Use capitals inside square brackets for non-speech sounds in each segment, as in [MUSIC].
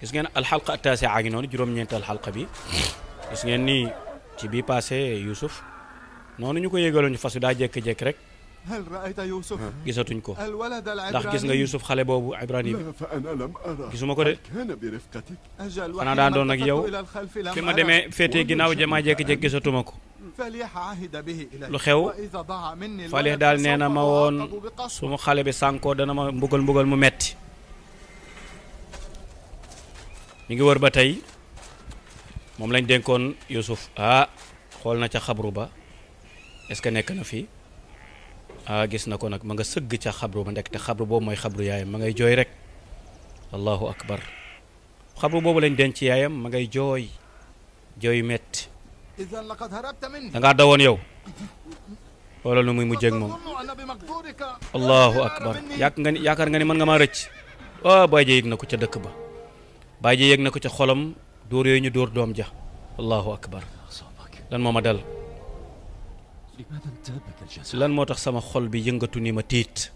gis ngeen alxalqa taasia a ngi noonu juróom-ñeenteel xalqa bi gis ngeen nii ci bii passé Youssouf noonu ñu ko yégaloon fas yu daa jékki-jékki rek gisatuñ ko ndax gis nga Youssouf xale boobu Ibrahim gisuma ko de xanaa daan doon ak yow fi ma demee féetee ginnaaw jamaa jékki-jékki gisatuma ko lu xew falix daal nee na ma woon su mu xale bi sànkoo dana ma mbugal mbugal mu metti mu ngi wër ba tey moom lañ denkoon Yuusuf ah xool na ca xabru ba est-ce que nekk na fi ah gis na ko nag ma nga sëgg ca xabru ba ndekk te xabru boobu mooy xabru yaayam ma ngay jooy rek allahu akbar xabru boobu lañ denc yaayam ma ngay jooy jooy metti da ngaa dawoon yow wala nu mu mujjee ak moom allahu akbar yaakaar nga ni yaakaar nga ni mën nga maa rëcc ah oh, bàyyi yëg na ko ca dëkk ba baay ji yëg na ko ca xolam dóor yooyu ñu dóor doom ja allahu akbar lan moo ma dal lan moo tax sama xol bi yëngatu ni ma tiit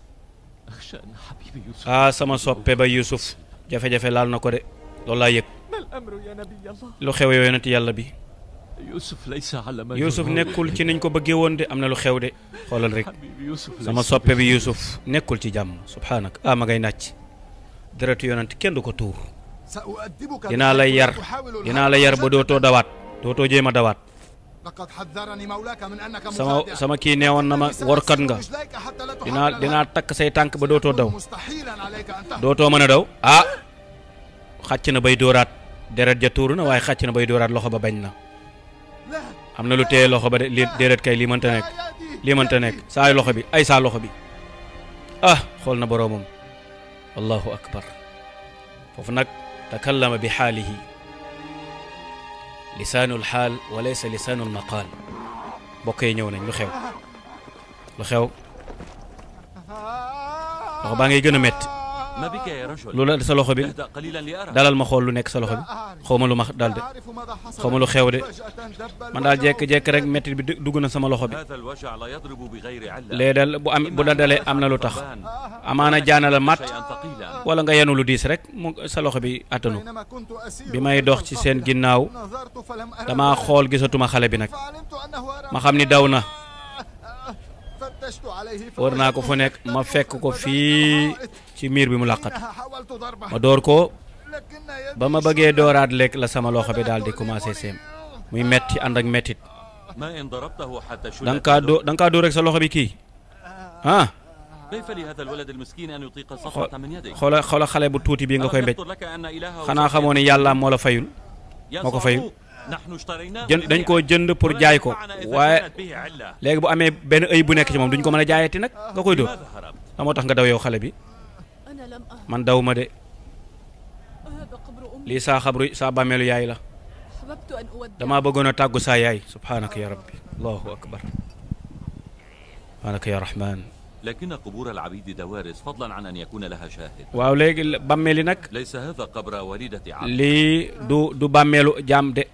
ah sama soppe ba Yuusuf jafe-jafe laal na ko de loolu laa yëg lu xew yonent yàlla bi Yuusuf nekkul ci niñ ko bëggee woon de am na lu xew de xoolal rek sama soppe bi Yuusuf nekkul ci jàmm subhaanak ah ma ngay nàcc deretu yonent kenn du ko tuur dinaa la yar dinaa la yar ba dootoo dawaat dootoo jéem a dawaat sama sama kii neewoon na ma warkat nga dinaa dinaa takk say tànk ba dootoo daw dootoo mën a daw ah xàcc na bay dóoraat deret ja tuuru na waaye xàcc na bay dóoraat loxo ba bañ na am na lu téye loxo ba de deret kay lii mënta nekk lii mënta nekk saa loxo bi ay saa loxo bi ah xool na boroomam allahu akbar foofu nag takallama bi xaalihi lisaanul xaal walaysa lisaanul maqaal bokk yi ñëw nañ lu xew lu xew loxo baa ngay gën a métti lu la sa loxo bi dalal ma xool lu nekk sa loxo bi xaw ma lu ma dal de xaw ma lu xew de man daal jekk-jekk rek métti bi dugg na sama loxo bi lee dal bu am bu la dalee am na lu tax amaana jaana la mat wala nga yenu lu diis rek mu sa loxo bi attanu bi may dox ci seen ginnaaw dama xool gisatuma xale bi nag ma xam ni daw na war naa ko fu nekk ma fekk ko fii ci miir bi mu làqat [LAUGHS] ma door ko ba ma bëggee dooraat lekk la sama loxo bi daal di commencé seem muy metti ànd ak mettit da nga kaa doo da nga kaa dóor rek sa loxo bi kii ah, ah. xoola xoola xale bu tuuti bii nga koy mbéj xanaa xamoo ne yàlla moo la fayul moo ko fayul jën dañ koo jënd pour jaay ko waaye léegi bu amee benn ëy bu nekk ci moom duñ ko mën a jaayati nag nga koy dóor da moo tax nga daw yow xale bi man daw ma de lii saa xabru saa bàmmeelu yaay la damaa bëggoon a tàggu saa yaay subhaanaka ya rabbi allahu akbar subhaanaka ya rahman لكن قبور العبيد دوارس فضلا عن أن يكون لها شاهد waaw léegi bàmmeel yi nag ليس هذا قبر والدة عبد lii du du bàmmeelu jaam de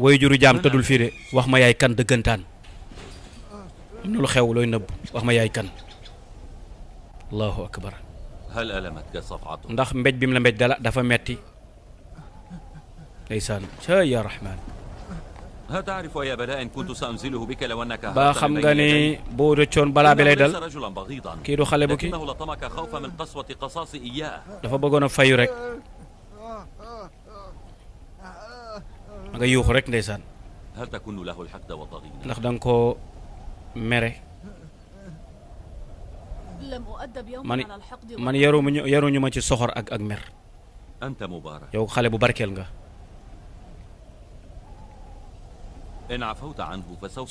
way juru jaam tëddul fii de wax ma yaay kan dëggantaan am na lu xew looy nëbb wax ma yaay kan allahu akbar ndax mbéj bi mu la mbéj dala dafa metti ndeysaan ca ya rahmaan baa xam nga ni boo rëccoon balaa bi lay dal kii du xale bu kii dafa bëggoon a fayu rek nga yuuxu rek ndeysaan ndax da nga koo mere man man yaruñu yaruñu ma ci soxor ak ak mer. anta xale bu barkeel nga.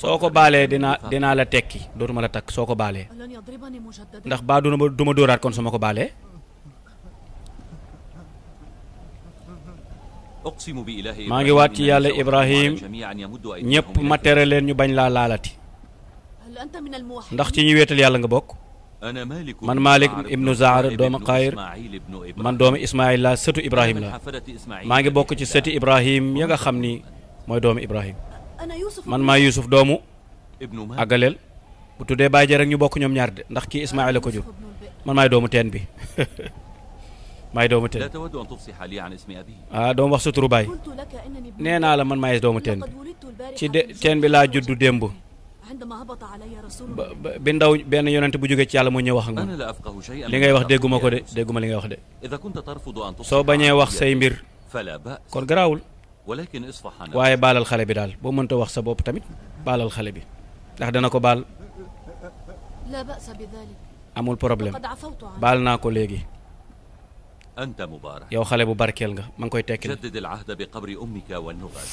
soo ko baalee dinaa dinaa la tekki dootuma la takk soo ko baalee. ndax baa du ma du ma dóoraat kon su ma ko baalee. maa ngi waat ci yàlla Ibrahim ñëpp ma tere leen ñu bañ laa laalati. ndax ci ñi wéetal yàlla nga bokk. man Malik ibnu Zaar doomu Xayr man doomu Ismaayil la sëtu Ibrahim la maa ngi bokk ci sëti Ibrahim ya nga xam ni mooy doomu Ibrahim man maa Yuusuf doomu àggaleel bu tuddee bàyyi ja rek ñu bokk ñoom ñaar de ndax kii Ismaayil la ko jur man maay doomu teen bi [LAUGHS] maay doomu teen ah doomu wax sa turu baay nee naa la man maay doomu teen bi ci de teen bi laa juddu démb ba bi ndaw benn yonent bu jógee ci yàlla moo ñëw wax ak moom li ngay wax dégguma ko de dégguma li ngay wax de soo bañee wax say mbir kon garaawul waaye baalal xale bi daal boo mënta wax sa bopp tamit baalal xale bi ndax dana ko baal amul problème baal naa ko léegi anta mubarak yow xale bu barkeel nga ma ngi koy tekki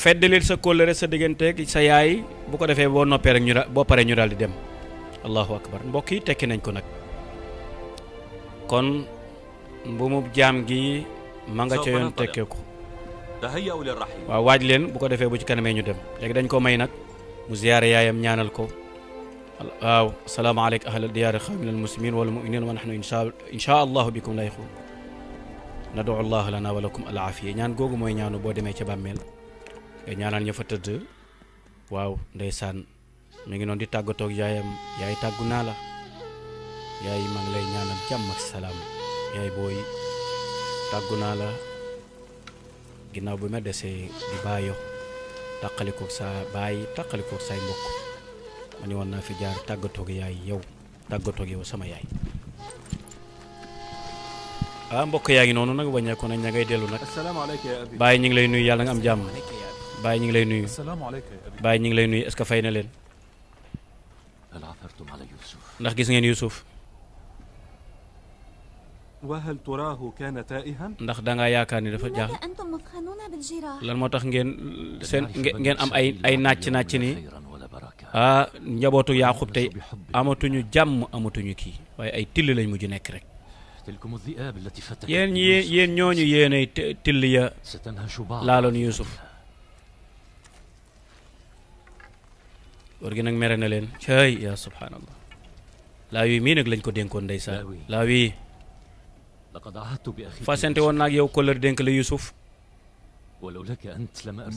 feddalil sa kóllëre sa digganteeg sa yaay bu ko defee boo noppeerek ñu daal boo paree ñu daal di dem allahu akbar mbokk yi tekki nañ ko nag kon mbuumub jaam gi ma nga ca yoon tekkee ko waaw waaj leen bu ko defee bu ci kanamee ñu dem léegi dañ koo may nag mu ziyaare yaayam ñaanal ko waaw salaamaaleykum ahla diyaari xawmin al muslimin wal muminin wa nahnu insha allahu bikum layiqun nadu allahu lana walakum ñaan googu mooy ñaanu boo demee ca bàmmeel nga ñaanal ña fa tëdd waaw ndeysaan mu ngi noonu di tàggatoog yaayam yaay tàggu naa la yaay maa lay ñaanal jàmm salaam yaay booy tàggu naa la ginnaaw bi ma desee di baayo tàqalikoog saa baay tàqalikoog saay mbokk ma ni woon naa fi jaar tàggatoog yaay yow tàggatoog yow sama yaay ah mbokk yaa ngi noonu nag wàññeeku na ña dellu nag bàyyi ñu ngi lay nuyu yàlla nga am jàmm bàyyi ñu ngi lay nuyu bàyyi ñu ngi lay nuyu est-ce que fay na leen ndax gis ngeen Yuusuf ndax da yaakaar ni dafa jaax lan moo tax ngeen seen ngeen am ay ay nàcc nàcc nii ah njabootu Yaaqub tey amatuñu jàmm amatuñu kii waaye ay till lañ mujj nekk rek. yéen yéen ñooñu yéenay till ya baax Yuusuf góor gi nag mere na leen cay yaa subhaanallah laa wi mii nag lañ ko dénkoon ndeysaan laa wi fasante woon naag yow kóllër dénk la Yuusuf bu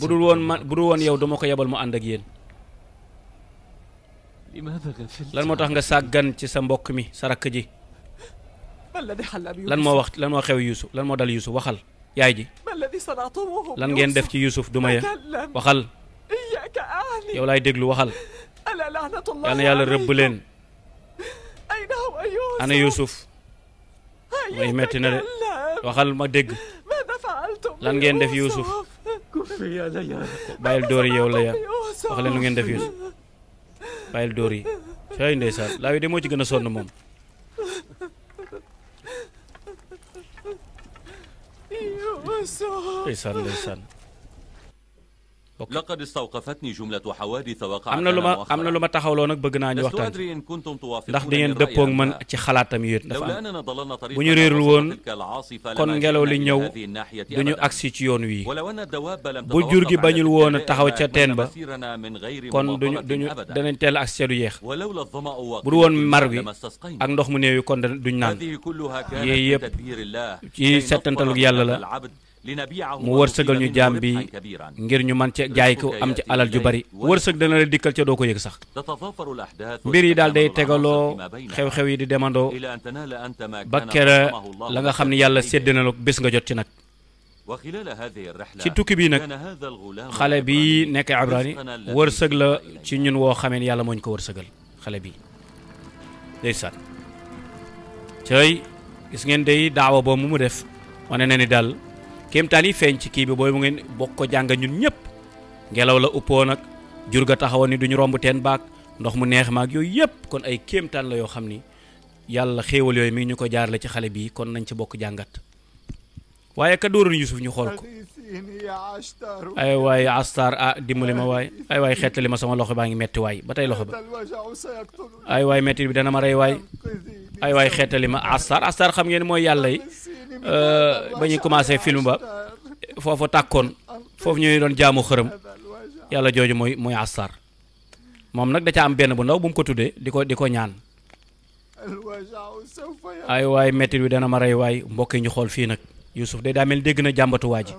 dul woon man bu dul woon yow duma ko yebal mu ànd ak yéen lan moo tax nga sàggan ci sa mbokk mi sa rakk ji lan moo wax lan moo xew Yuusuf lan moo dal Yuusuf waxal yaay ji lan ngeen def ci Yuusuf duma ya waxal yow laay déglu waxal yal na yàlla rëbb leen ana Yuusuf mooy metti na de waxal ma dégg lan ngeen def Yuusuf bàyyil dóor yi yow la ya wax leen lu ngeen def Yuusuf bàyyil dóor yi say ndeysaan laa wi de moo ci gën a sonn moom ndeysaan ndeysaan laqad istawqafatni jumlatu xawaadis am na lu ma am na lu ma taxawloo nag bëgg naa ñu waxtaan ndax da ngeen dëppoog man ci xalaatam yéen dafa am bu ñu réerul woon kon ngelaw li ñëw du ñu agsi ci yoon wii bu jur gi bañul woon a taxaw ca teen ba kon duñu duñu danañ teel agsi ca du yeex bu du woon mar bi ak ndox mu néew yi kon duñ naan yii yëpp ci settantalug yàlla la mu wërsëgal ñu jaam bi ngir ñu man cee jaay ko am ci alal ju bari wërsëg dana la dikkal ca doo ko yëg sax mbir yi daal day tegaloo xew-xew yi di demandoo ba kera la nga xam ne yàlla sédd na la bés nga jot ci nag ci tukki bii nag xale bi nekk Ibrahima wërsëg la ci ñun woo xamee yàlla moo ñu ko wërsëgal xale bi ndeysaan cay gis ngeen day daawa boobu mu def wane na ni daal kéemtaan yi feeñ ci kii bi booy mu ngeen bokk ko jàng ñun ñëpp ngelaw la uppoon nag jur ga taxawoon ni du ñu romb teen baak ndox mu neex maak yooyu yëpp kon ay kéemtaan la yoo xam ni yàlla xéewal yooyu mi ñu ko jaarale ci xale bi kon nañ ci bokk jàngat waaye ka dóoroon Yuusuf ñu xool ko ay waay astar a ah, dimbali ma waay ay waay xettali ma sama loxo baa ngi metti waay ba tey loxo ba ay waay metti bi dana ma rey waay ay waay xettali ma astar astar xam ngeen mooy yàlla yi euh, ba ñuy commencé film ba foofu tàkkoon foofu ñuy doon jaamu xërëm yàlla jooju mooy mooy astar moom nag da ca am benn bu ndaw bu mu ko tuddee di ko di ko ñaan ay waay metti bi dana ma rey waay mbokk yi ñu xool fii nag Youssouf de daa mel dégg na jàmbatu waa ji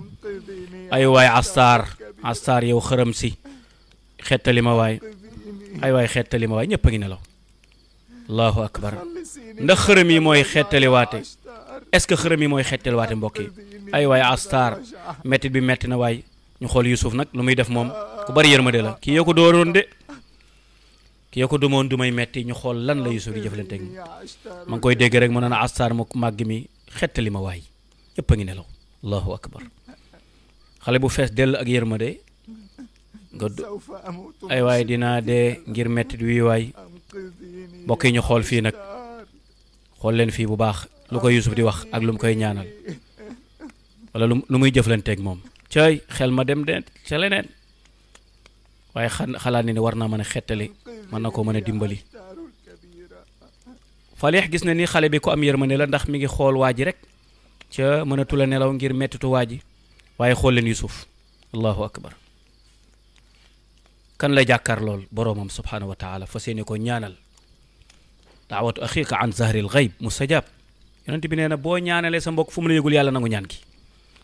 ay waay Astar Astar yow xërëm si xettali ma waay ay waay xettali ma waay ñëpp a ngi nelaw allahu akbar ndax xërëm yi mooy xettaliwaate est-ce que xërëm yi mooy xettaliwaate mbokk yi ay waay Astar métti bi metti na waay ñu xool Youssouf nag lu muy def moom ku bari yërmande la ki yoo ko dooroon de kii yoo ko dumoon du may metti ñu xool lan la Youssouf di jëflanteeg ma ngi koy dégg rek mu naan Astar mu màgg mi xetali ma waay. ñëpp a ngi nelaw allahu akbar xale bu fees dell ak de nga ay waay dinaa dee ngir mettit wi waay mbokk yi ñu xool fii nag xool leen fii bu baax lu ko Yuusuf di wax ak lu mu koy ñaanal wala lu muy jëflanteeg moom cay xel ma dem deen ca leneen waaye xan xalaat ni ne war naa mën a xettali mën na koo mën a dimbali Falih gis na ni xale bi ko am yërmande la ndax mi ngi xool waa rek ca mënatula nelaw ngir mettitu waa ji waaye xool leen Yuusuf allahu akbar kan la jàkkaar lool boroomam subhaanahu wa taala fa seeni ko ñaanal daawatu axiika an zahril gayb mustajab yonent bi nee na boo ñaanalee sa mbokk fu mu la yëgul yàlla nangu ñaan gi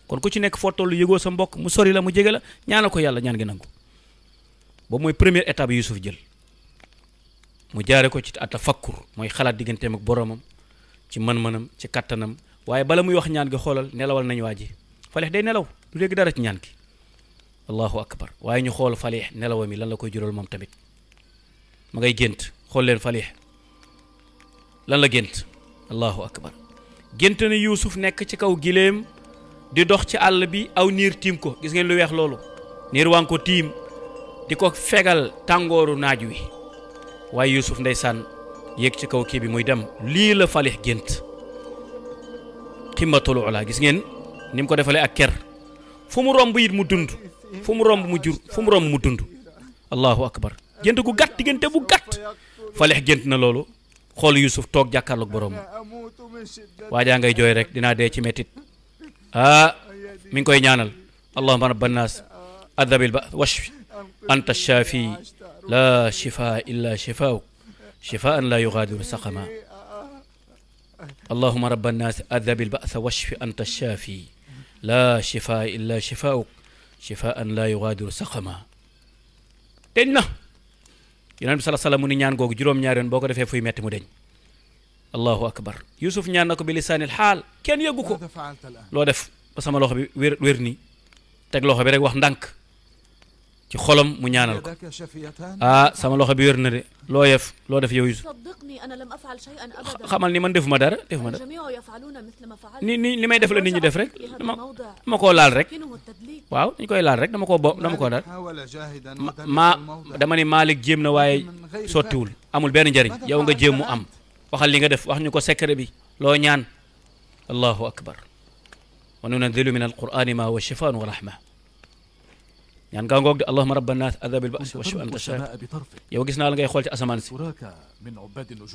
kon ku ci nekk foo tollu yëgoo sa mbokk mu sori la mu jege la ñaanal ko yàlla ñaan gi nangu ba mooy première étape Yuusuf jël mu jaare ko ci atafakkur mooy xalaat digganteem ak boroomam ci mën-mënam ci kattanam waaye bala muy wax ñaan gi xoolal nelawal nañu waa ji faleex day nelaw du dégg dara ci ñaan gi allahu akbar waaye ñu xool faleex nelawam yi lan la koy jural moom tamit mu ngay gént xool leen faleex lan la gént allahu akbar gént na yuusuf nekk ci kaw giléem di dox ci àll bi aw niir tiim ko gis ngeen lu weex loolu niir waa ko tiim di ko fegal tàngooru naaj wi waaye yuusuf ndeysaan yéeg ci kaw kii bi muy dem lii la faleex gént ximmatul ula gis ngeen ni mu ko defalee ak ker fu mu romb it mu dund fu mu romb mu jur fu mu romb mu dund allahu akbar gént gu gàtt diggante bu gàtt faleex gént na loolu xool Yuusuf toog jàkkaarloog borom waajaa ngay jooy rek dinaa dee ci mettit ah mi ngi koy ñaanal allahuma rabba nnaas adabil ba washfi anta shaafi la shifaa illa shifaau shifaan la yugaadiru saqama allahuma rabba annaasi adabil basa washfi anta shaafi laa shifaa illa shifauk shifaan laa yugaadiru saqama deñ na bi sala sallam mu ni ñaan googu juróom-ñaari yoon boo ko defee fuy metti mu deñ allahu akbar yusuf ñaan na bi lisaanil xaal kenn yëggu ko loo def ba sama loxo bi wér wér nii teg loxo bi rek wax ndànk ci xolam mu ñaanal ko ah, sama loxo bi wér na de loo yef loo def yow Yusuf xamal ni man defuma dara defuma dara ni ni li may def la nit ñi def rek dama koo laal rek waaw dañ koy laal rek dama koo bo dama koo daal ma dama ne Malick jéem na waaye sottiwul amul benn njariñ yow nga jéem mu am waxal li nga def wax ñu ko secret bi loo ñaan allahu akbar wa nunazzilu min alqurani ma wa shifaan wa rahma ñaan gaa ngoog de allahuma rabba naas adhabil basi washu anta shaat yow gis naa la ngay xool ci asamaan si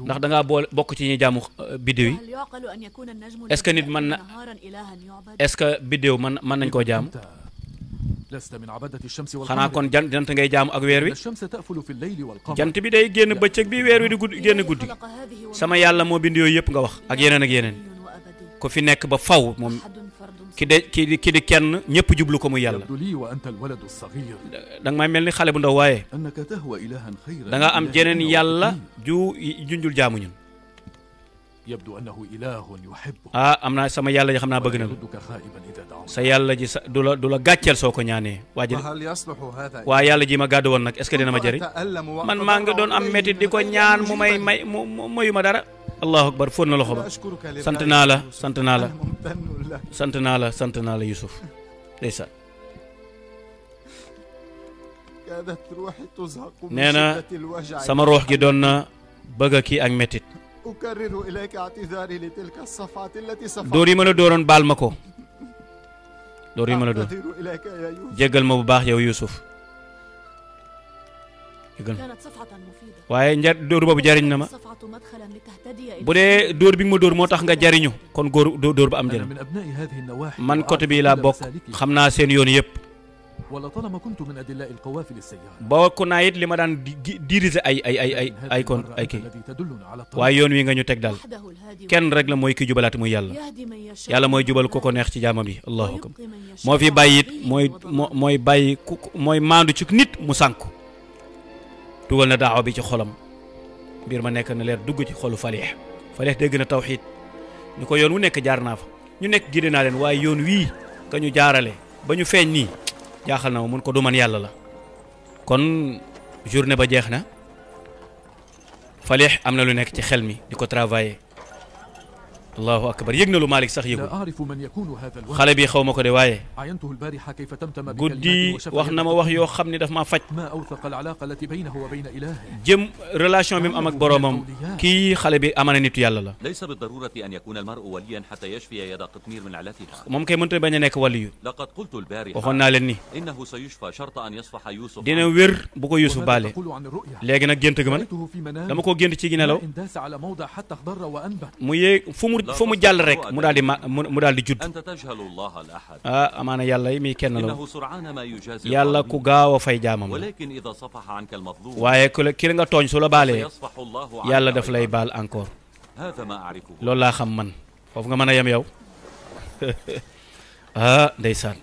ndax dangaa bokk ci ñuy jaamu biddew yi est nit mën na est biddew mën nañ koo jaamu xanaa kon jant ngay jaamu ak weer wi jant bi day bëccëg bi weer wi di gudd génn guddi sama yàlla moo bind yooyu yëpp nga wax ak yeneen ak yeneen ku fi nekk ba faw moom ki de ki ki di kenn ñëpp jublu ko muy yàlla da nga may mel ni xale bu ndaw waaye da nga am jeneen yàlla ju junjul jaamu ñun yabdu annahu ilahun yuhibbu ah am naa sama yàlla ji xam naa bëgg na la sa yàlla ji sa du la du la gàcceel soo ko ñaanee waa ji waa yàlla ji ma gàddu woon nag est-ce que dina ma jëriñ man maa ngi doon am métit di ko ñaan mu may may mu mayu ma dara allahu akbar fóon na loxo ba sant naa la sant naa la sant naa la sant naa sama ruux gi doon na bëgg a ak métit أكرر إليك اعتذاري لتلك الصفعة التي صفعت dóor yi ma la dooroon baal ma ko dóor yi ma la dóor jéggal ma bu baax yow Yuusuf jéggal ma waaye nja dóor boobu jariñ na ma bu dee door bi nga ma dóor moo tax nga jariñu kon góor dóor ba am njëriñ man côté bii laa bokk xam naa seen yoon yëpp ولطالما كنت من أدلاء القوافل السيارة bokk naa it li ma daan diriger ay ay ay ay ay kon ay kii waaye yoon wi nga ñu teg daal kenn rek la mooy ki jubalaat muy yàlla yàlla mooy jubal ku ko neex ci jaamam yi allahu akbar moo fi bàyyi it mooy moo mooy bàyyi ku mooy maandu ci nit mu sànku dugal na daawa bi ci xolam mbir ma nekk na leer dugg ci xolu faleex faleex dégg na tawxiid ñu ko yoon wu nekk jaar naa fa ñu nekk gide naa leen waaye yoon wii ka ñu jaaxal na mun ko du man yàlla la kon journée ba jeex na falix am na lu nekk ci xel mi di ko travailler allahu akbar yëg na lu Malick sax yëgul xale bi xaw ma ko de waaye guddi wax na ma wax yoo xam ne daf maa faj jëm relation bi mu am ak boroomam kii xale bi amana nitu yàlla la moom kay mënut a bañ a nekk waliyu waxoon naa leen ni dina wér bu ko Yuusuf baale léegi nag gént gi man dama koo gént ci gi nelaw mu yéeg fu mu fu mu jàll rek mu daal di ma mu daal di judd ah amaana yàlla yi muy kenn la yàlla ku gaaw a fay jaamam la waaye ku la ki la nga tooñ su la baalee yàlla daf lay baal encore lool laa xam man foofu nga mën a yem yow [LAUGHS] ah ndeysaan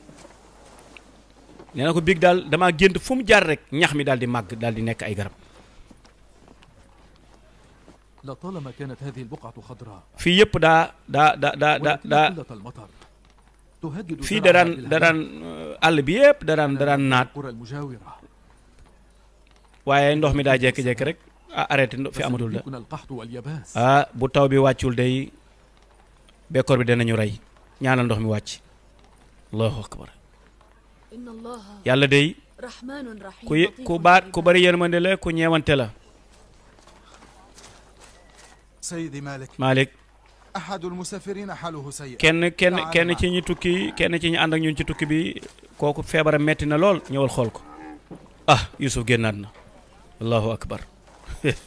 nee na ko biig daal damaa gént fu mu jaar rek ñax mi daal di màgg daal di nekk ay garab لطالما كانت هذه البقعة خضراء fii yëpp daa daa daa daa daa daa المطر تهدد fii daraan daraan àll bi yëpp daraan daraan naat waaye ndox mi daa jékki-jékki rek ah arrêté fi amatul da القحط واليباس bu taw bi wàccul day bekkoor bi danañu rey ñaanal ndox mi wàcc allahu akbar yàlla day ku ku baat ku bari yërmande la ku ñeewante la Seydi Malick Malick ahadul musafirin haluhu sayyi kenn kenn kenn ci ñi tukki kenn ci ñi ànd ak ñun ci tukki bi kooku feebaram metti na lool ñëwal xool ko ah Yuusuf génnaat na allahu akbar [LAUGHS]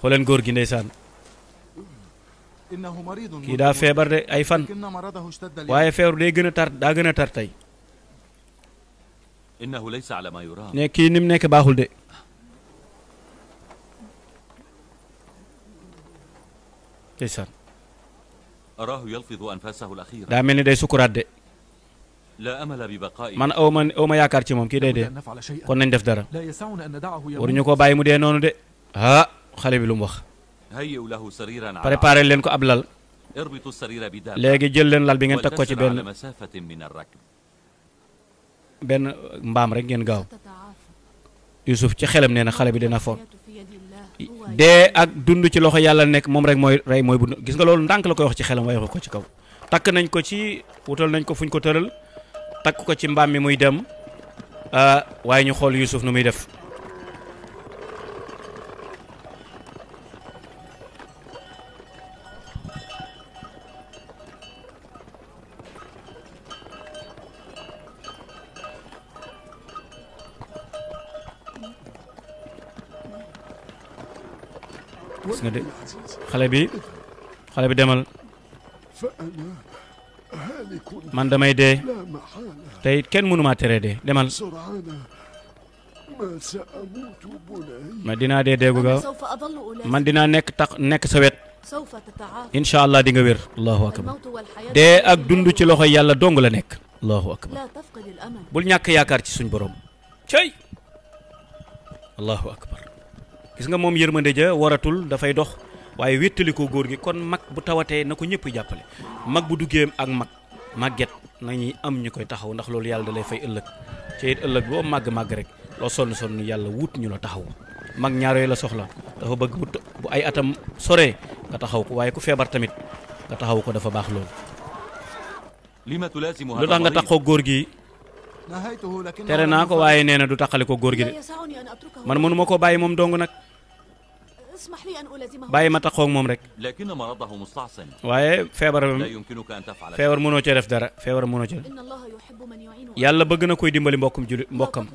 xooleen góor gi ndeysaan kii daa feebar de ay fan waaye feebar day gën a tar daa gën a tar tey kii ni mu baaxul de ndeysaan araahu yalfidu anfasahu al daa mel ni day sukuraat de la amala bi baqaa'i man aw ma aw ma yaakaar ci moom kii day dee kon nañ def dara waruñu koo bàyyi mu dee noonu de ah xale bi lu mu wax hayyu lahu sariran préparé leen ko ab lal irbitu sarira bi daal léegi jël leen lal bi ngeen teg ko ci benn benn mbaam rek ngeen gaaw Yusuf ci xelam nee na xale bi dina foon de ak dund ci loxo yàlla nekk moom rek mooy rey mooy bu gis nga loolu ndànk la koy wax ci xelam waxee ko ci kaw takk nañ ko ci wutal nañ ko ñu ko tëral takk ko ci mbaam mi muy dem ah, waaye ñu xool Yuusuf nu muy def gis nga de xale bi xale bi demal man damay dee tey kenn mënumaa tere dee demal ma dinaa dee deegu gaaw man dinaa nekk tax nekk sa wet incha allah di wér dee ak dund ci loxo yàlla dong la nekk bul ñàkk yaakaar ci suñ borom cey allahu akbar gis nga moom yërmande ja waratul dafay dox waaye wéttali ko góor gi kon mag bu tawatee na ko ñëpp jàppale mag bu duggee ak mag màgget na nañuy am ñu koy taxaw ndax loolu yàlla da lay fay ëllëg ci it ëllëg boo màgg-màgg rek loo sonn sonn yàlla wut ñu la taxaw mag ñaar yooyu la soxla dafa bëgg bu ay atam soree nga taxaw ko waaye ku feebar tamit nga taxaw ko dafa baax loolu lu tax nga taxoo góor gi tere naa ko waaye nee na du taxale ko góor gi de man mënu ma koo bàyyi moom dong nag bàyyi ma taxoo moom rek waaye feebar feebar mënoo cee def dara feebar mënoo cee yàlla bëgg na koy dimbali mbokkum jullit mbokkam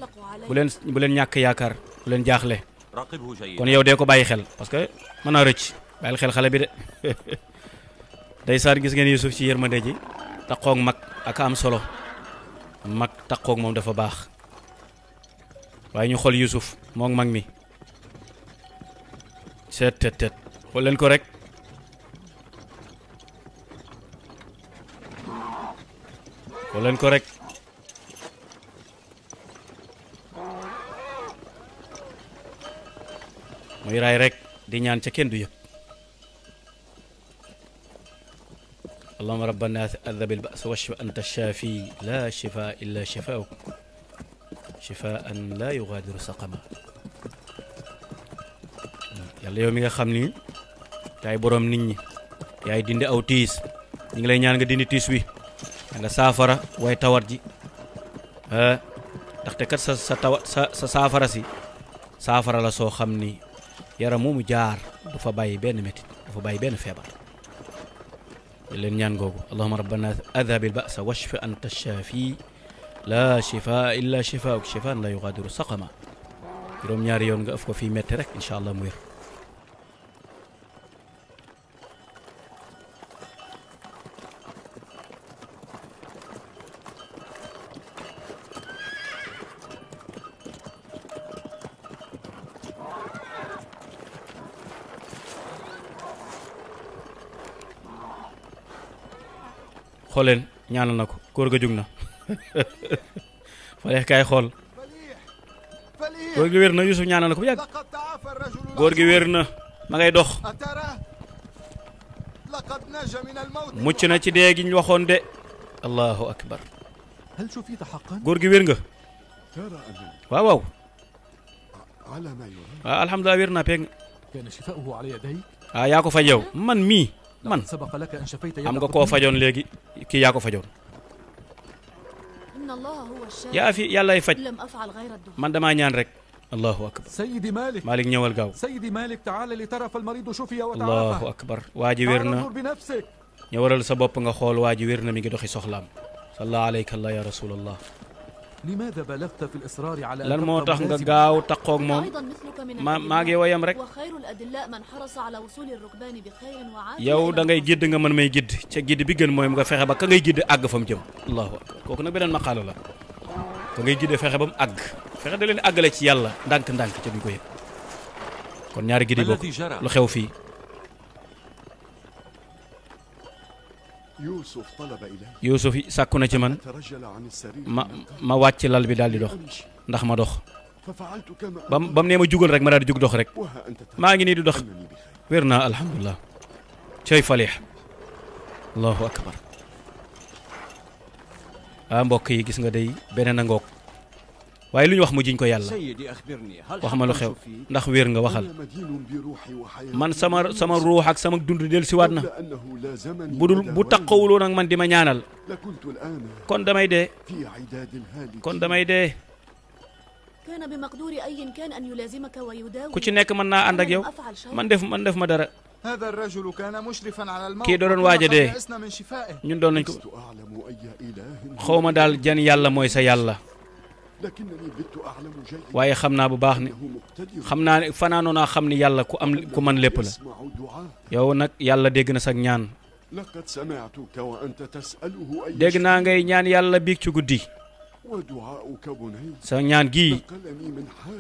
bu leen bu leen ñàkk yaakaar bu leen jaaxle kon yow dee ko bàyyi xel parce que mën naa rëcc bàyyil xel xale bi de [LAUGHS] day saar gis ngeen Yuusuf ci yërmande ji taxoo ak mag ak am solo mag taqoog moom dafa baax waaye ñu xool Yuusuf moom mag mi seet tet tet xool ko rek xool ko rek muy raay rek di ñaan ca kenn du yëg اللهم رب الناس أذب البأس واشف أنت الشافي لا شفاء إلا شفاؤك شفاء لا يغادر سقما yàlla yow mi nga xam ni yaay boroom nit ñi yaay dindi aw tiis ñu ngi lay ñaan nga dindi tiis wi nga saafara way tawat ji ndaxte kat sa sa tawat sa sa saafara si saafara la soo xam ni yaram moomu jaar du fa bàyyi benn métit du fa bàyyi benn feebar leen ñaan googu allahuma rabbana adhab al ba'sa washfi anta shaafi laa shifaa illa shifaa'uk shifaan laa yughadiru saqama juróom ñaari yoon nga ëf ko fii metti rek incha allah mu wér xooleen ñaanal na ko góor ga jug na [LAUGHS] faleex kaay xool góor gi wér na Yuusuf ñaanal ko bu yàgg góor gi wér na ma ngay dox mucc na ci dee gi waxoon de allahu akbar góor gi wér nga waaw waaw alhamdulilah wér naa peeg nga ah yaa ko faj yow man mii man am nga koo fajoon léegi kii yaa ko fajoon yaa fi yàllaay faj man damaa ñaan rek allahu akbar Malick ñëwal gaaw allahu akbar waa ji wér na ñëwaral sa bopp nga xool waa ji wér na mi ngi doxi soxlaam salla alayka allah ya rasulallah lan moo tax nga gaaw taqoog moom ma maa ngi woyam rek yow dangay ngay gidd nga mën may gidd ca gidd bi gën mooy mu nga fexe ba ka ngay gidd àgg fa mu jëm kooku nag beneen maqaala la ka ngay gidde fexe ba mu àgg fexe da leen àggale ci yàlla ndànk-ndànk ca duñ ko yëg kon ñaari giddi bokk lu xew fii yuusuf sàkku na ci man ma ma wàcc lal bi daal di dox ndax ma dox ba mu ba nee ma jugal rek ma daal di jug dox rek maa ngi nii di dox wér naa alhamdulilah cay falix allahu akbar ah mbokk yi gis nga day beneen a ngoog waaye lu ñu wax mu jiñ ko yàlla wax ma lu xew ndax wér nga waxal man sama sama ruux ak sama dund del siwaat na bu dul bu taqawuloon ak man di ma ñaanal kon damay de kon damay de ku ci nekk mën naa ànd ak yow man def man def ma dara kii doon waaja dee ñun doon nañ ko xaw ma daal jan yàlla mooy sa yàlla waaye xam naa bu baax ne xam naa ne fanaanoo naa xam ni yàlla ku am ku man lépp la yow nag yàlla dégg na sag ñaan dégg naa ngay ñaan yàlla biig ci guddi sa ñaan gii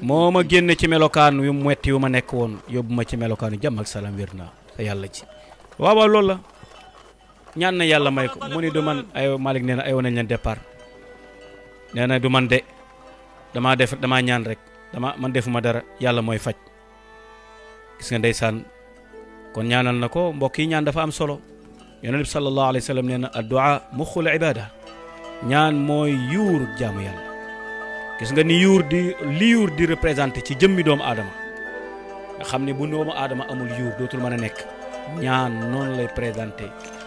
moo ma génn ci melokaan yu metti ma nekk woon yóbbu ma ci melokaanu jam ak salaam wér naa sa yàlla ci waaw waaw la ñaan na yàlla may ko mu ni du man ay Malick nee na ayoo nañ leen départ nee na du man de damaa def damaa ñaan rek dama man defuma dara yàlla mooy faj gis nga ndeysaan kon ñaanal na ko mbokk yi ñaan dafa am solo yonent bi sallallahu alayhi wa sallam nee na addu'a muxul ibada ñaan mooy yuur jaamu yàlla gis nga ni yuur di li yuur di représenté ci jëmmi doomu aadama nga xam ne bu doomu aadama amul yuur dootul mën a nekk ñaan noonu lay présenté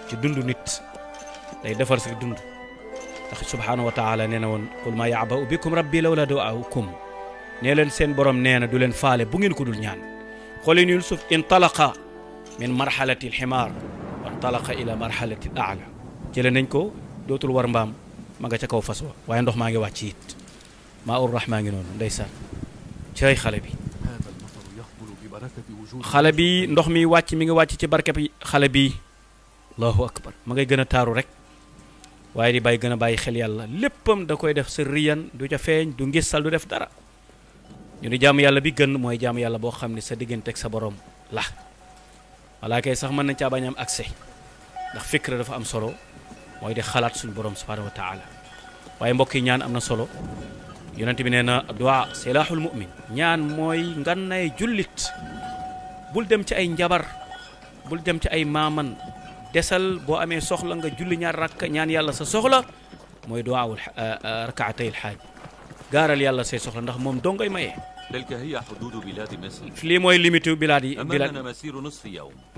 ci dund nit day defar si dund ndax subhaanahu wa taala nee na woon qul ma ya'ba'u bikum rabbi lawla du'aakum nee leen seen borom nee na du leen faale bu ngeen ko dul ñaan xoolin yusuf intalaqa min marxalati alximaar wa intalaqa ila marxalati al aala jële nañ ko dootul war mbaam ma nga ca kaw fas waaye ndox maa ngi wàcc it maa ur maa ngi noonu ndeysaan cay xale bi xale bi ndox mi wàcc mi ngi wàcc ci barke bi xale bi allahu akbar ma ngay gën a taaru rek waaye di bàyyi gën a bàyyi xel yàlla léppam da koy def sa riyan du ca feeñ du ngistal du def dara ñu ni jaamu yàlla bi gën mooy jaamu yàlla boo xam ne sa diggante ak sa boroom la walla kay sax mën nañ caa bañ am accès ndax fikra dafa am solo mooy de xalaat suñu borom subhanahu wa taala waaye mbokk yi ñaan am na solo yonent bi nee na duwaa silaaxul mu'min ñaan mooy ngan nay jullit bul dem ci ay njabar bul dem ci ay maaman desal boo amee soxla nga julli ñaar rakk ñaan yàlla sa soxla mooy doo awul euh, euh, rakaatayil xaaj gaaral yàlla say soxla ndax moom dongay mayee lii mooy limitu bilaad yi bilaad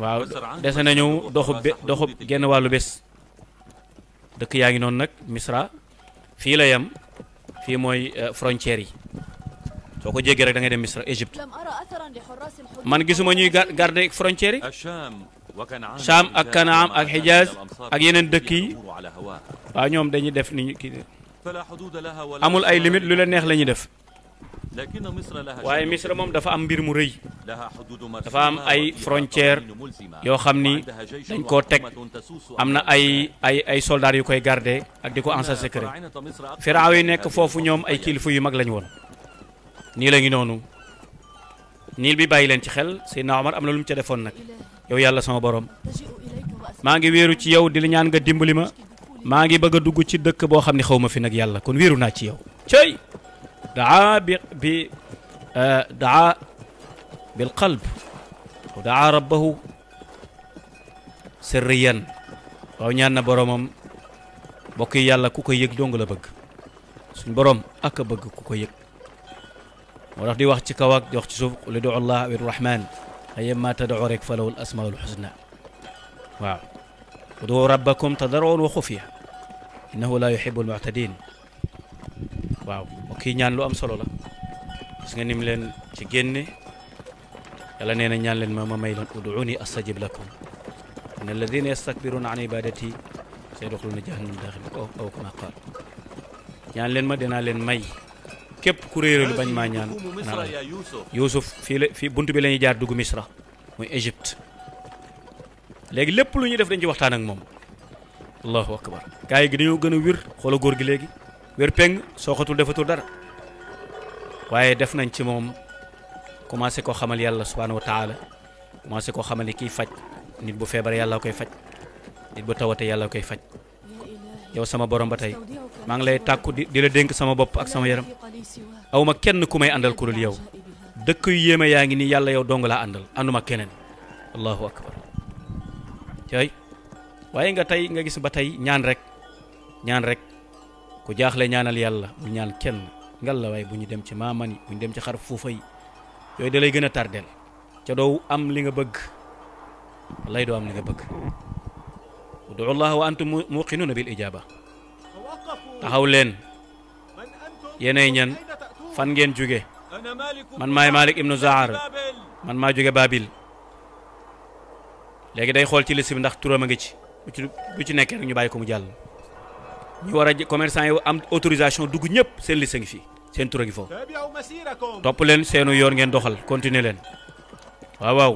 waaw dese nañu doxub doxub genn wàllu bés dëkk yaa ngi noonu nag misra fii la yem fii mooy euh, frontière yi soo ko jéggee rek da dem misra Égypte man gisuma ñuy garder frontière yi Saam ak Kanaam ak Xijaaz ak yeneen dëkk yi waaw ñoom dañuy def ni ñu kii amul ay limite lu leen neex lañuy ñuy def waaye Misra moom dafa am mbir mu rëy dafa am ay frontière yoo xam ni dañ koo teg am na ay ay ay soldats yu koy garde ak di ko en secret firaaw yi nekk foofu ñoom ay kilifa yu mag lañu woon nii la noonu niil bi bàyyi leen ci xel Seydina Omar am na lu mu ca defoon nag yow yàlla sama borom maa ngi wéeru ci yow di la ñaan nga dimbali ma maa ngi bëgg a dugg ci dëkk boo xam ne xaw ma fi nag yàlla kon wéeru naa ci yaw cey daa bi bi eh, daa bil qalb daa rabbahu sirriyan waaw ñaan na boromam mbokk yi yàlla ku ko yëg dong la bëgg suñ borom ak a bëgg ku ko yëg moo tax di wax ci kaw di wax ci suuf qul ud'u llaha aw rahman ayyama tad'u rek falahul asmaul husna waaw ud'u rabbakum tadarruan wa xufiya innahu la yuhibbul mu'tadin waaw kii ñaan lu am solo la parce que nim leen ci génne yàlla nee ñaan leen ma ma may leen ud'uni astajib lakum in alladina yastakbiruna an ibadati sayadxuluna jahannama daxil aw kama qaal ñaan leen ma dinaa leen may képp ku réeralu bañ maa ñaan naa la Yuusuf fii la fii bunt bi la ñuy jaar dugg Misra muy Égypte léegi lépp lu ñuy def dañ ci waxtaan ak moom allahu akbar gars yi gi dañoo gën a wér xoola góor gi léegi wér peng sooxatul defatul dara waaye def nañ ci moom commencé koo xamal yàlla subhaanahu wa taala commencé koo xamal ni kiy faj nit bu feebar yàlla koy faj nit bu tawate yàlla koy faj yow sama borom ba tey maa ngi lay tàkku di la dénk sama bopp ak sama yaram awma kenn ku may àndal ku dul yow dëkk yu yéeme yaa ngi nii yàlla yow dong laa àndal ànduma keneen allahu akbar cay waaye nga tey nga gis ba tey ñaan rek ñaan rek ku jaaxle ñaanal yàlla bu ñaan kenn ngal la waaye bu ñu dem ci maaman yi bu ñu dem ci xar fuufa yi yooyu dalay gën a tardeel ca doo am li nga bëgg lay doo am li nga bëgg udu allah wa antum muqinuuna bil ijaaba taxaw leen yéenay ñan fan ngeen jóge man maay Malik ibnu Zaar man maa jóge Babil léegi day xool ci liste bi ndax turam a ngi ci bu ci nekkee rek ñu bàyyi ko mu jàll ñu war a commerçant yi am autorisation dugg ñëpp seen liste ngi fi seen tur ngi foofu topp leen seenu yoon ngeen doxal continuer leen waaw waaw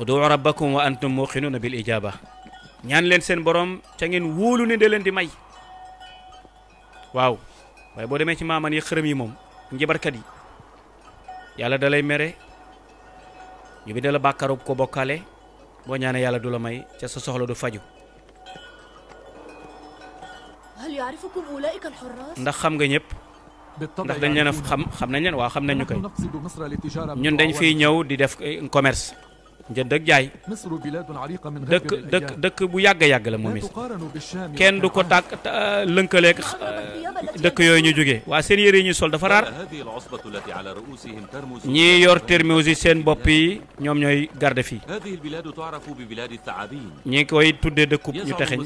uduu rabbakum wa antum muqinuuna bil ijaaba ñaan leen seen borom ca ngeen wóolu ne da leen di may waaw waaye boo demee ci maaman yi xërëm yi moom njabarkat yi yàlla da lay mere ñu bi dala bàkkaru ko bokkale boo ñaanee yàlla du la may ca sa soxla du faju ndax xam nga ñëpp ndax dañ leen a xam xam nañ leen waa xam nañu koy ñun dañ fiy ñëw di def eh, commerce njënd ak jaay dëkk dëkk dëkk bu yàgg a yàgg la moom it kenn du ko tàkk lënkaleeg dëkk yooyu ñu jógee waa seen yére yi ñuy sol dafa raar ñii yor termos yi seen bopp yi ñoom ñooy garde fii ñi koy tuddee dëkkub ñu texeñ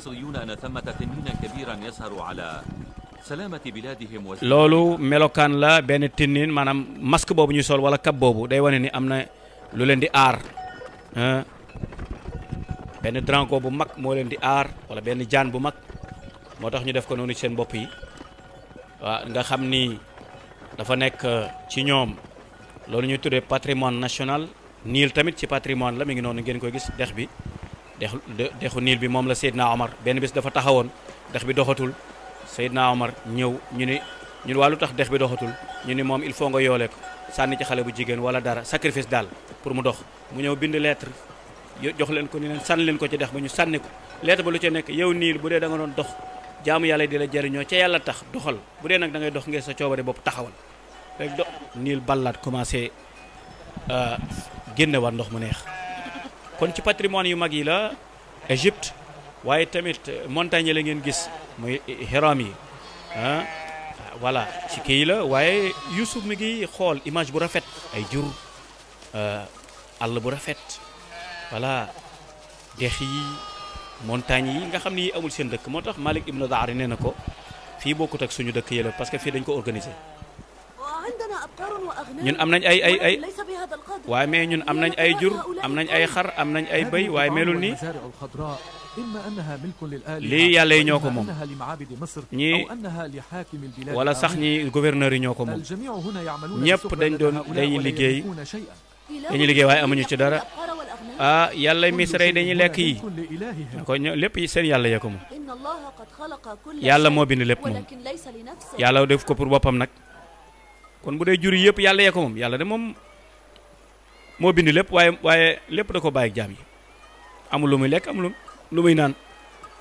loolu melokaan la benn tinnin maanaam masque boobu ñuy sol wala kab boobu day wane ni am na lu leen di aar benn dranko bu mag moo leen di aar wala benn jaan bu mag moo tax ñu def ko noonu ci seen bopp yi waaw nga xam ni dafa nekk euh, ci ñoom loolu ñuy tuddee patrimoine national niil tamit ci patrimoine la mi ngi noonu ngeen ko gis dex bi dex dexu niil bi moom la Seydina Omar benn bis dafa taxawoon dex bi doxatul Seydina Omar ñëw ñu ni ñun waa lu tax dex bi doxatul ñu ni moom il faut nga yoole ko sànni ci xale bu jigéen wala dara sacrifice daal pour mu dox mu ñëw bind lettre jox leen ko ni leen sànni leen ko ci dex ba ñu sànni ko lettre ba lu ci nekk yow niil bu dee da nga doon dox jaamu yàlla di la jëriñoo ca yàlla tax doxal bu dee nag da dox ngeen sa coobare bopp taxawal rek do niil ballaat commencé euh, génne war ndox mu neex kon ci patrimoine yu mag yi la Égypte waaye tamit euh, montagne la ngeen gis muy hiram yi ah voilà ci kii la waaye Youssouf mi ngi xool image bu rafet ay jur euh, àll bu rafet voilà dex yi montagnes yi nga xam ni amul seen dëkk moo tax Malik Ibn Daari nee na ko fii bokkut ak suñu dëkk yële parce que fii dañ ko organiser ñun am nañ ay ay ay waaye mais ñun am nañ ay jur am nañ ay xar am nañ ay bëy waaye melul nii lii yàlla yi ñoo ko moom ñii wala sax ñi gouverneurs yi ñoo ko moom ñëpp dañ doon dañuy liggéey dañuy liggéey waaye amuñu ci dara ah yàlla misra yi dañuy lekk yi ko lépp seen yàlla yee ko moom yàlla moo bind lépp moom yàlla def ko pour boppam nag kon bu dee jur yi yëpp yàlla yee ko moom yàlla de moom moo bind lépp waaye waaye lépp da ko bàyyi jaam yi amul lu muy lekk amul lu muy naan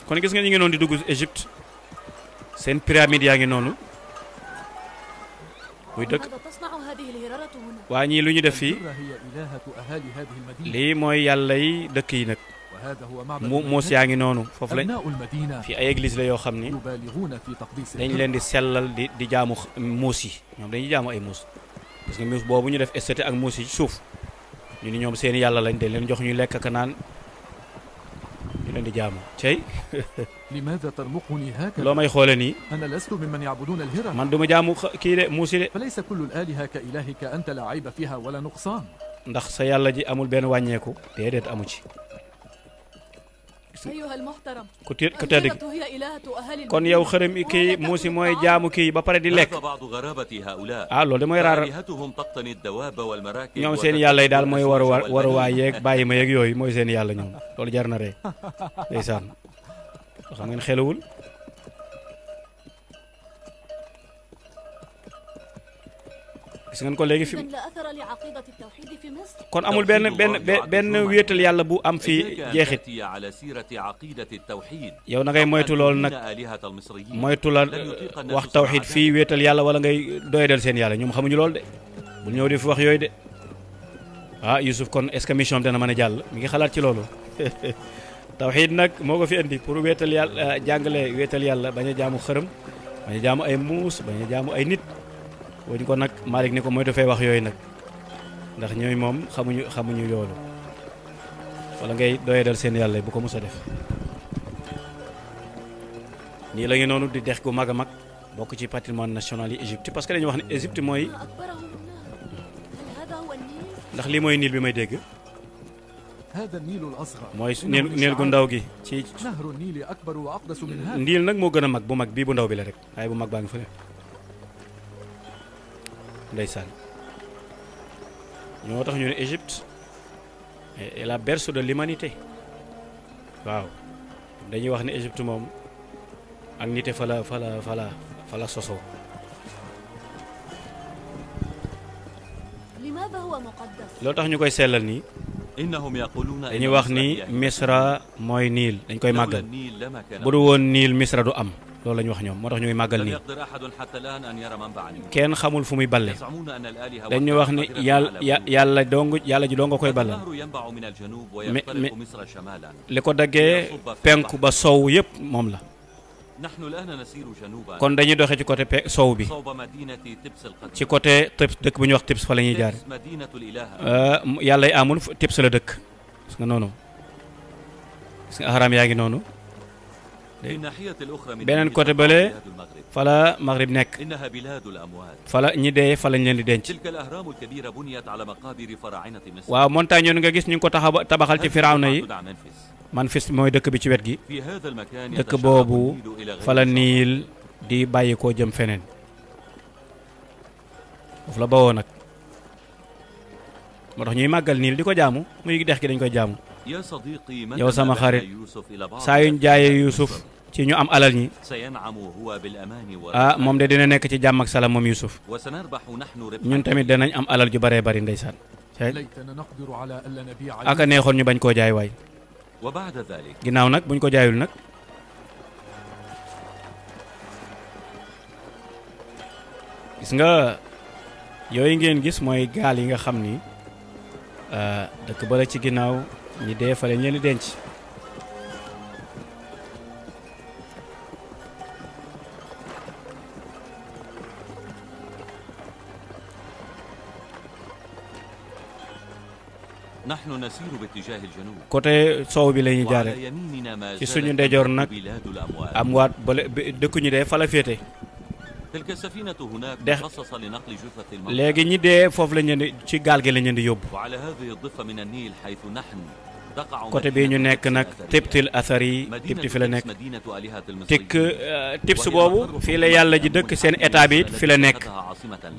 kon gis nga ñu ngi noonu di dugg Égypte seen pyramide yaa ngi noonu waa ñii lu ñu def fii lii mooy yàlla yi dëkk yi nag mu muus yaa ngi noonu foofu lañ fi ay église la yoo xam ni dañ leen di sellal di di jaamu muus yi ñoom dañuy jaamu ay muus parce muus boobu ñu def esthétique ak muus yi suuf ñu ni ñoom seeni yàlla lañ dañ leen jox ñu lekk ak naan leen di jaamu cey [LAUGHS] لماذا ترمقني هكذا loo may xoole nii أنا لست ممن يعبدون الهرم man du ma jaamu kii de muusi de فليس كل الآلهة كإلهك أنت لا عيب فيها ولا نقصان ndax sa yalla ji amul ben wàññeeku déedéet amu ci ku te ku tedd kon yow xërëm yi kii muusi mooy jaamu kii ba pare di lekk ah loolu de mooy raar ñoom seen yàlla yi daal mooy waru waruwaay yeeg bàyyi ma yeeg yooyu mooy seen yàlla ñoom loolu jar na ree ndeysaan xam ngeen xelawul gis ngeen ko léegi fi kon amul benn benn benn wéetal yàlla bu am fi jeexit yow na ngay moytu lool nag moytu la wax tawxid fii wéetal yàlla wala ngay doyadal seen yàlla ñoom xamuñu loolu de bul ñëw di fi wax yooyu de ah Youssouf kon est-ce que mission dana mën a jàll mi ngi xalaat ci loolu [LAUGHS] tawxid nag moo ko fi indi pour wéetal yàlla jàngale wéetal yàlla bañ a jaamu xërëm bañ a jaamu ay muus bañ jaamu ay nit wañ ko nag Malick ni ko mooy dafay wax yooyu nag ndax ñooy moom xamuñu xamuñu loolu wala ngay doyadal seen yàlla bu ko mos a def nii la noonu di dex gu mag a mag bokk ci patrimoine national yi Égypte parce que dañu wax ne Égypte mooy ndax lii mooy niil bi may dégg mooy niil niil gu ndaw gi ci niil nag moo gën a mag bu mag bii bu ndaw bi la rek waaye bu mag baa ngi fële ndeysaan ñoo tax ñu ne Égypte est la berce de l'humanité waaw dañuy wax ne Égypte moom ak nite fa fa la fa la fa tax ñu koy sellal nii dañuy wax ni misra mooy niil dañ koy màggal bu du woon niil misra du am loolu la ñu wax ñoom moo tax ñuy màggal nii kenn xamul fu muy balle dañu wax ne yàlla yàlla dong yàlla ji doo nga koy ballal mais mais li ko daggee penku ba sow yëpp moom la kon dañuy doxee ci côté sow bi ci côté tips dëkk bu ñu wax tips fa la ñuy jaar euh, yàlla amul tips la dëkk gis nga noonu gis nga xaram yaa ngi noonu beneen côté bële fala la Maghrib nekk fa la ñi dee fa lañ leen di denc waaw montagne yoon nga gis ñu ngi ko taxaw tabaxal ci firawna yi Manfis mooy dëkk bi ci wet gi dëkk boobu fa la niil di bàyyi koo jëm feneen foofu la bawoo nag moo tax ñuy màggal niil di ko jaamu muy dex gi dañ koy jaamu yow sama xarit saa yuñ jaayee Yuusuf ci ñu am alal ñi ah moom de dina nekk ci jàmm ak salaam moom Yuusuf ñun tamit danañ am alal ju bëree bëri ndeysaan aka neexoon ñu bañ koo jaay waay ginnaaw nag buñ ko jaayul nag gis nga yooyu ngeen gis mooy gaal yi nga xam ni euh, dëkk bala ci ginnaaw ñi dee fale ñu leen di denc côté soow bi la ñuy jaare ci suñu ndejoor nag am waat bale dëkku ñu dee fala féete dex léegi ñi dee foofu la ñu ci gaal gi la ñu di yóbbu. côté bii ñu nekk nag tibtil asar yi tibti fi la nekk tikk tibs boobu fii la yàlla ji dëkk seen état bi fi la nekk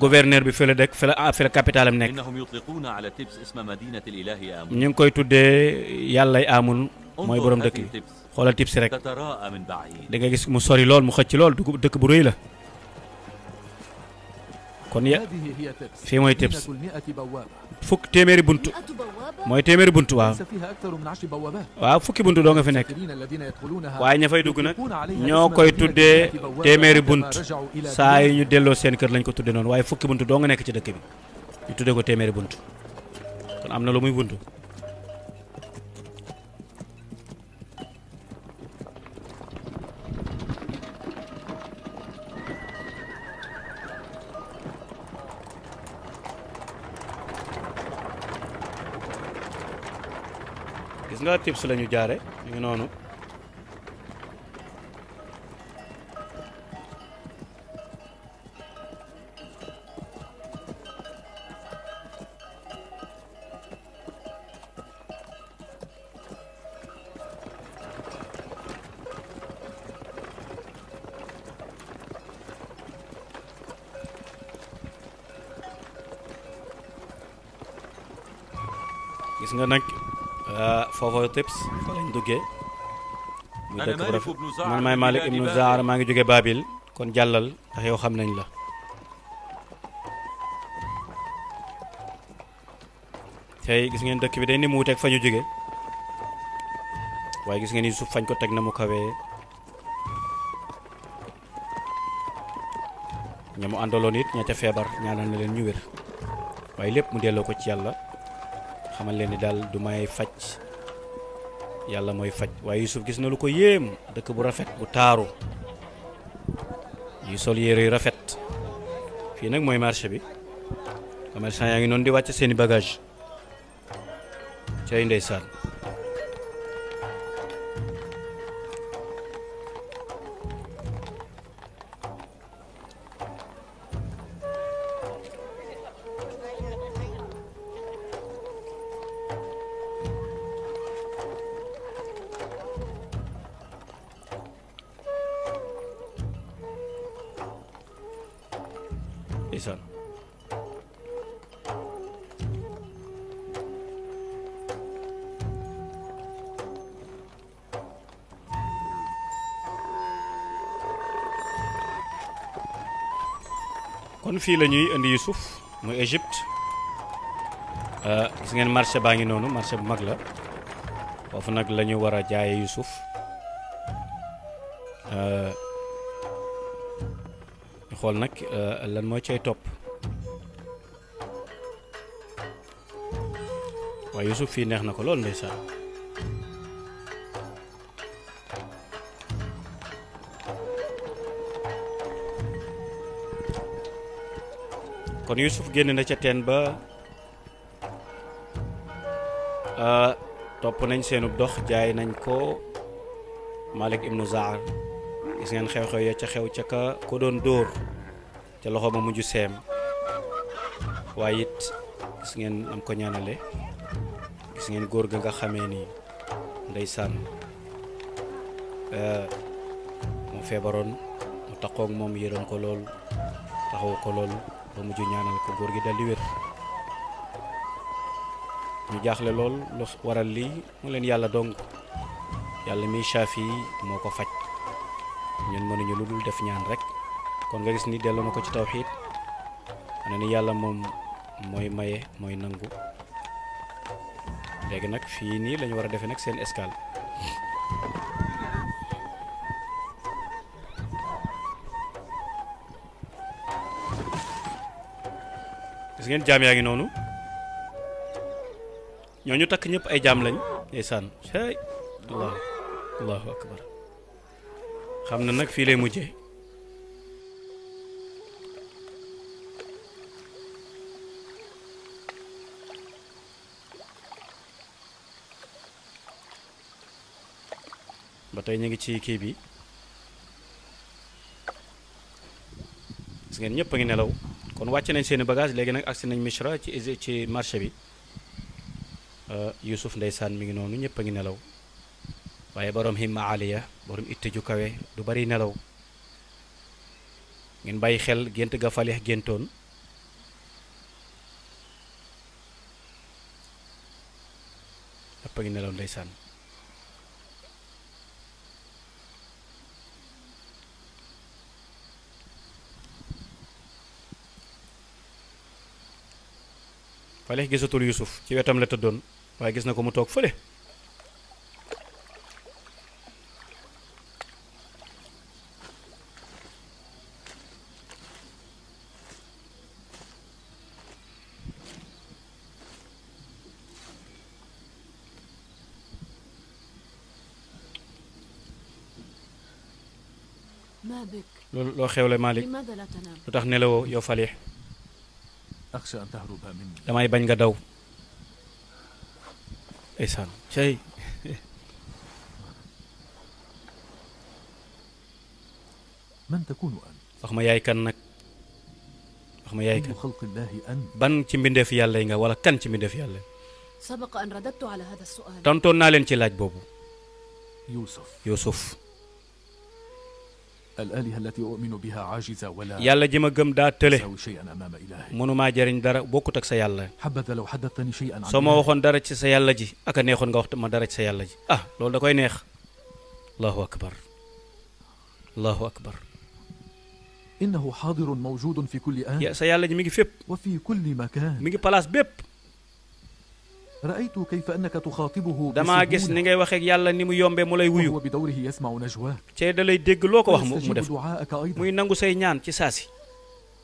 gouverneur bi fi la dëkk fi la ah, fi la capital am nekk ñu ngi koy tuddee yàllay amul mooy borom dëkk bi xoolal tibs rek da nga gis mu sori lool mu xëcc lool dugub dëkk bu rëy la kon ya fii mooy tips fukk téeméeri bunt mooy téeméeri buntu waaw waaw fukki buntu doo nga fi nekk waaye ña fay dugg nag ñoo koy tuddee téeméeri bunt saa yu ñu delloo seen kër lañ ko tudde noonu waaye fukki bunt doo nga nekk ci dëkk bi ñu tudde ko téeméeri buntu kon am na lu muy bunt gis nga tips la ñu jaare ñu ngi noonu gis nga nag Euh, foofu tips fa lañ duggee muy dëkk bu maa ngi jóge baabil kon jàllal ndax yow xam nañ la tey gis ngeen dëkk bi day ni mu wuteeg fa ñu jóge waaye gis ngeen ni suuf fañ ko teg na mu kawee ña àndaloon it ña ca feebar ñaanal na leen ñu wér waaye lépp mu delloo ko ci yàlla xamal leen di daal du may faj yàlla mooy faj waaye Yuusuf gis na lu ko yéem dëkk bu rafet bu taaru yu sol yére yu rafet fii nag mooy marché bi commerçant yaa ngi noonu di wàcc seeni bagage cay ndeysaan ndeysaan kon fii la ñuy indi Yusuf muy Égypte euh, gis ngeen marché baa ngi noonu marché bu mag la foofu nag la war a jaaye Yusuf euh, xool nag euh, lan moo cay topp waaye Yuusuf fii neex na ko loolu lool ndeysaan kon Yuusuf génn na ca teen ba euh, topp nañ seenub dox jaay nañ ko Malik ibnu Zaar gis ngeen xew-xew ya ca xew ca ko doon dóor te loxo ma mujj seem waaye it gis ngeen am ko ñaanale gis ngeen góor gi nga xamee ni ndeysaan euh, mu feebaroon mu taxoog moom yërëm ko lool taxaw ko lool ba mujj ñaanal ko góor gi daldi wér ñu jaaxle lool lu waral lii mu leen yàlla dong yàlla mi shaafi moo ko faj ñun mënuñu lu dul def ñaan rek kon nga gis ni delloo ko ci tawxiid ne ni yàlla moom mooy maye mooy nangu léegi nag fii nii lañu war a defee nag seen escale gis ngeen jaam yaa ngi noonu ñu takk ñëpp ay jaam lañ ndeysaan hey allahu allahu akbar xam na nag fii lay mujjee tey ñu ngi ci kii bi gis ngeen ñëpp ngi nelaw kon wàcc nañ seeni bagage léegi nag agsi nañ Misra ci ci marché bi euh, Youssouf ndeysaan mi ngi noonu ñëpp a ngi nelaw waaye borom himma aliya borom itte ju kawe du bari nelaw ngeen bàyyi xel gént ga faleex géntoon ñëpp ngi nelaw ndeysaan fale gisatul Yuusuf ci wetam la tëddoon waaye gis na ko mu toog fële loo xewle Malick lu tax nelawoo yow Falih damay bañ nga daw ndeysaan cey wax ma yaay kan nag wax ma yaay kan ban ci mbindeef yàlla yi nga wala kan ci mbindeef yàlla yi tontoon naa leen ci laaj boobu yàlla ji ma gëm daa tële mënumaa jëriñ dara bokkut ak sa yàlla soo ma waxoon dara ci sa yàlla ji ak a neexoon nga wax ma dara ci sa yàlla ji ah loolu da koy neex allahu akbar allahu akbar innahu haadirun mawjuudun fi kulli aan sa yàlla ji mi ngi fépp wa fi kulli makaan mi ngi place bépp رأيت كيف أنك تخاطبه damaa gis ni ngay waxeek yàlla ni mu yombe mu lay wuyu بدوره يسمع نجواك te da lay dégg loo ko wax mu mu def muy nangu say ñaan ci saasi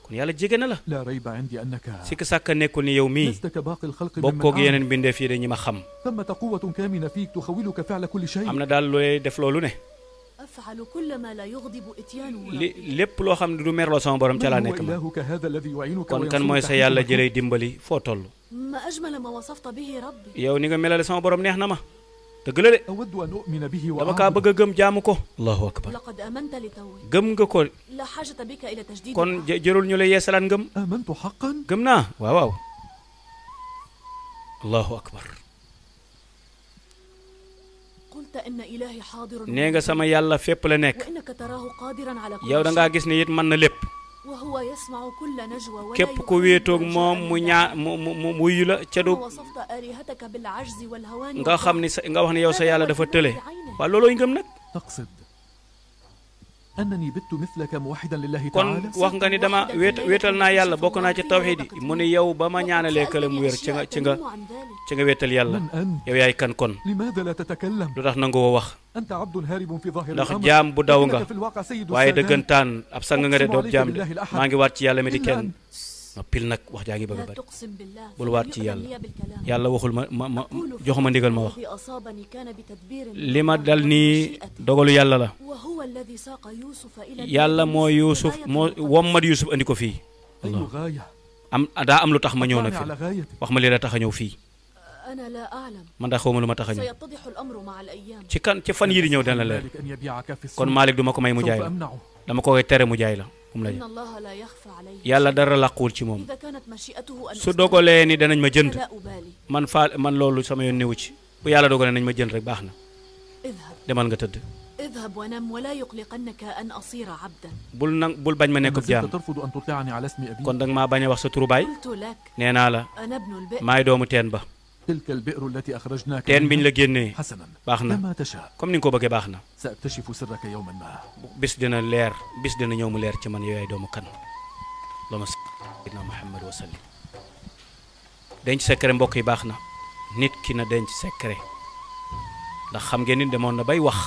kon yàlla jege na la laa rayba indi annaka sikk sàkk nekku ni yow mii bokkoog yeneen bindeef yi de ñi ma xam ثمة قوة كامنة فيك تخولك فعل كل شيء am na daal looy def loolu ne li lépp loo xam ne du merloo sama borom ca laa nekk ma kon kan mooy sa yàlla jëlay dimbali foo tollu ما أجمل ما وصفت به ربي yow ni nga melale sama borom neex na ma dëgg la de أود أن أؤمن به dama kaa bëgg a gëm jaamu ko الله أكبر لقد آمنت لتوي gëm nga ko لا حاجة بك إلى تجديد kon jërul ñu lay yeesalaat ngëm آمنت حقا gëm naa waaw waaw الله أكبر قلت إن إلهي حاضر nee nga sama yàlla fépp la nekk وإنك تراه قادرا على كل شيء yow da ngaa gis ne it mën na lépp képp ku wéetoog moom mu ñaa mu mu wuyu la ca du nga xam ni sa nga wax ne yow sa yàlla dafa tële waaw loolooy ngëm nag annani bittu mithlaka muwahidan lillahi ta'ala kon wax nga ni dama wéet wéetal naa yàlla bokk naa ci tawxiid yi mu ne yow ba ma ñaanalee kële mu wér ci nga ci nga ci nga wéetal yàlla yow yaay kan kon limaada la tatakallam lu tax nangu woo wax anta abdun haribun fi zahir ndax jaam bu daw nga waaye dëggantaan ab sang nga de doob jaam de maa ngi waat ci yàlla mi di kenn ma pil nag wax jaa ngi bëgg a bëri bul waat ci yàlla yàlla waxul ma ma ma jox ma ndigal ma wax li ma dal nii dogalu yàlla la yàlla moo yuusuf moo wommat yuusuf andi ko fii am daa am lu tax ma ñëw na fi wax ma li la tax a ñëw fii uh, man daa xawma lu ma tax a ñëw ci kan ci fan yii di ñëw dana leer kon Malick du ma ko may mu jaay la dama ko koy tere mu jaay la moom la yàlla dara làquwul ci moom su dogalee ni danañ ma jënd man faa man loolu sama yoon newu ci bu yàlla dogalee nañ ma jënd rek baax na demal nga tëdd bul nang bul bañ ma bu jaam kon danga maa bañ a wax sa turu baay nee naa la maay doomu teen ba teen biñ la génnee baax na comme ni nga ko bëggee baax na bis dina leer bis dina ñëw mu leer ci man yooyaay doomu kan looma sayyidina Muhammad wa sallim denc secret mbokk yi baax na nit ki na denc secret ndax xam ngeen ni demoon na bay wax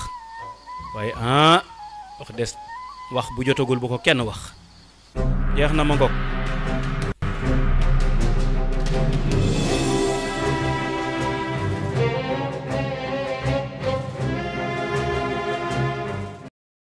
waaye ah wax des wax bu jotagul bu ko kenn wax jeex na ma ngoog